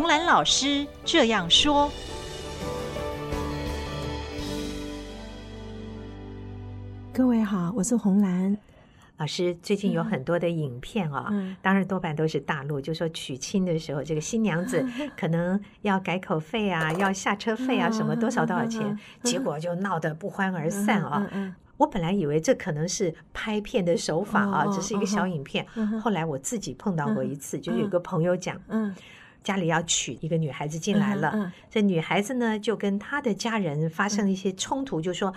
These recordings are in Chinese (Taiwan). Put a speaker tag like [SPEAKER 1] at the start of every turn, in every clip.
[SPEAKER 1] 紅蘭老師這樣說：“
[SPEAKER 2] 各位好，我是紅蘭
[SPEAKER 1] 老師。最近有很多的影片啊，當然多半都是大陸，就說娶親的時候，這個新娘子可能要改口費啊，要下車費啊，什麼多少多少錢，結果就鬧得不歡而散啊。我本來以為這可能是拍片的手法啊，只是一個小影片。後來我自己碰到過一次，就有個朋友講，嗯。”家裡要娶一個女孩子進來了，嗯嗯、這女孩子呢就跟她的家人發生了一些衝突，嗯、就說：“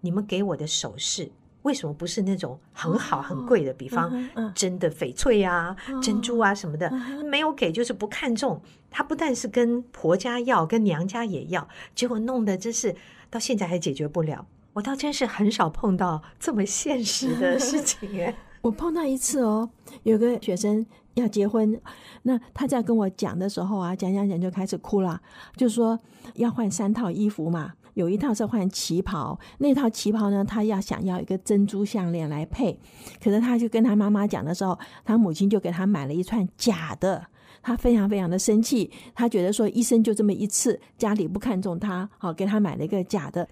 [SPEAKER 1] 你們給我的首飾為什麼不是那種很好很貴的？比方、哦嗯嗯、真的翡翠啊、哦、珍珠啊什麼的，沒有給就是不看重。”她不但是跟婆家要，跟娘家也要，結果弄得真是到現在還解決不了。我倒真是很少碰到這麼現實的事情、欸嗯嗯嗯
[SPEAKER 2] 我碰到一次哦，有個學生要結婚，那他在跟我講的時候啊，講講講就開始哭了，就說要換三套衣服嘛，有一套是換旗袍，那套旗袍呢，他要想要一個珍珠項鏈來配，可是他就跟他媽媽講的時候，他母親就給他買了一串假的，他非常非常的生氣，他覺得說一生就這麼一次，家裡不看重他，好給他買了一個假的。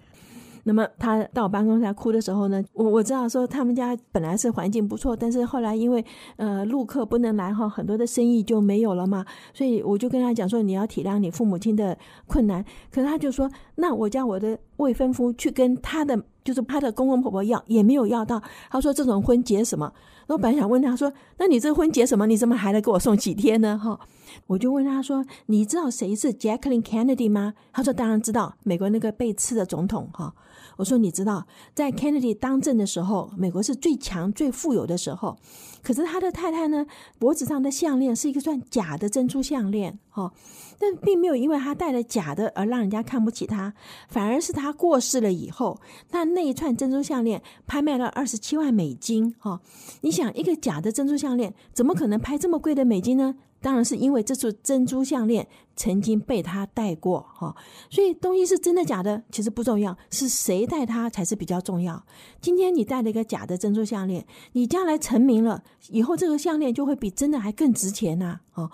[SPEAKER 2] 那麼他到我辦公室來哭的時候呢，我我知道說他們家本來是環境不錯，但是後來因為呃陸客不能來哈，很多的生意就沒有了嘛，所以我就跟他講說，你要體諒你父母親的困難，可是他就說，那我叫我的未婚夫去跟他的。就是他的公公婆婆要也沒有要到，他說這種婚結什麼？我本來想問他說，那你這婚結什麼？你怎麼還得給我送幾天呢？哈，我就問他說，你知道誰是 Jacqueline Kennedy 嗎？他說當然知道，美國那個被刺的總統。哈，我說你知道在 Kennedy 當政的時候，美國是最強最富有的時候，可是他的太太呢，脖子上的項鏈是一個算假的珍珠項鏈哈，但並沒有因為他戴了假的而讓人家看不起他，反而是他過世了以後，那。那一串珍珠項鏈拍賣了二十七萬美金，哈！你想一個假的珍珠項鏈，怎麼可能拍這麼貴的美金呢？當然是因為這束珍珠項鏈曾經被他戴過，哈！所以東西是真的假的其實不重要，是誰戴它才是比較重要。今天你戴了一個假的珍珠項鏈，你將來成名了以後，這個項鏈就會比真的還更值錢呢、啊，哦。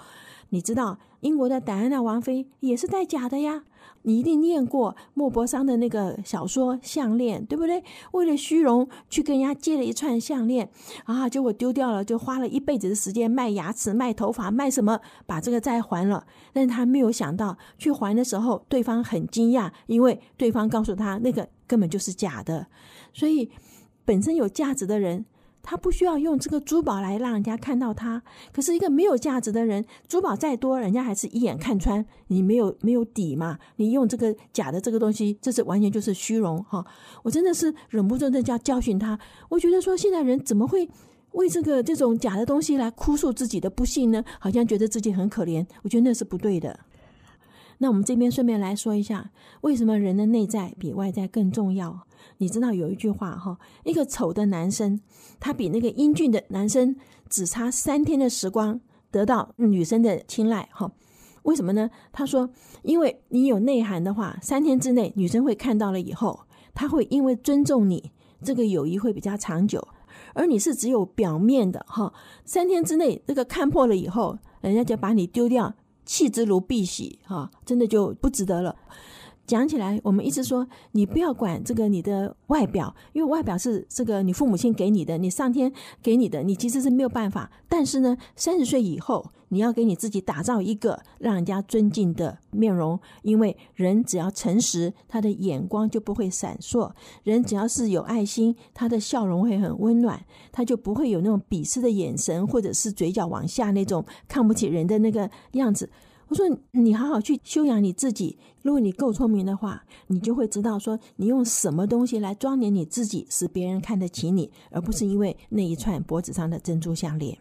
[SPEAKER 2] 你知道英國的戴安娜王妃也是戴假的呀？你一定念過莫泊桑的那個小說《項鏈》，對不對？為了虛榮去跟人家借了一串項鏈，啊，結果丟掉了，就花了一輩子的時間賣牙齒、賣頭髮、賣什麼，把這個債還了。但是他沒有想到，去還的時候，對方很驚訝，因為對方告訴他，那個根本就是假的。所以，本身有價值的人。他不需要用這個珠寶來讓人家看到他，可是一個沒有價值的人，珠寶再多，人家還是一眼看穿，你沒有沒有底嘛？你用這個假的這個東西，這是完全就是虛榮哈、哦！我真的是忍不住在教教訓他，我覺得說現在人怎麼會為這個這種假的東西來哭訴自己的不幸呢？好像覺得自己很可憐，我覺得那是不對的。那我們這邊順便來說一下，為什麼人的內在比外在更重要？你知道有一句話哈，一個醜的男生，他比那個英俊的男生只差三天的時光得到女生的青睞哈？為什麼呢？他說，因為你有內涵的話，三天之內女生會看到了以後，他會因為尊重你，這個友誼會比較長久；而你是只有表面的哈，三天之內那、這個看破了以後，人家就把你丟掉。棄之如敝屣，哈、啊，真的就不值得了。講起來，我們一直說，你不要管這個你的外表，因為外表是這個你父母親給你的，你上天給你的，你其實是沒有辦法。但是呢，三十歲以後，你要給你自己打造一個讓人家尊敬的面容，因為人只要誠實，他的眼光就不會閃爍；人只要是有愛心，他的笑容會很溫暖，他就不會有那種鄙視的眼神，或者是嘴角往下那種看不起人的那個樣子。我說，你好好去修養你自己，如果你夠聰明的話，你就會知道說，你用什麼東西來裝點你自己，使別人看得起你，而不是因為那一串脖子上的珍珠項鏈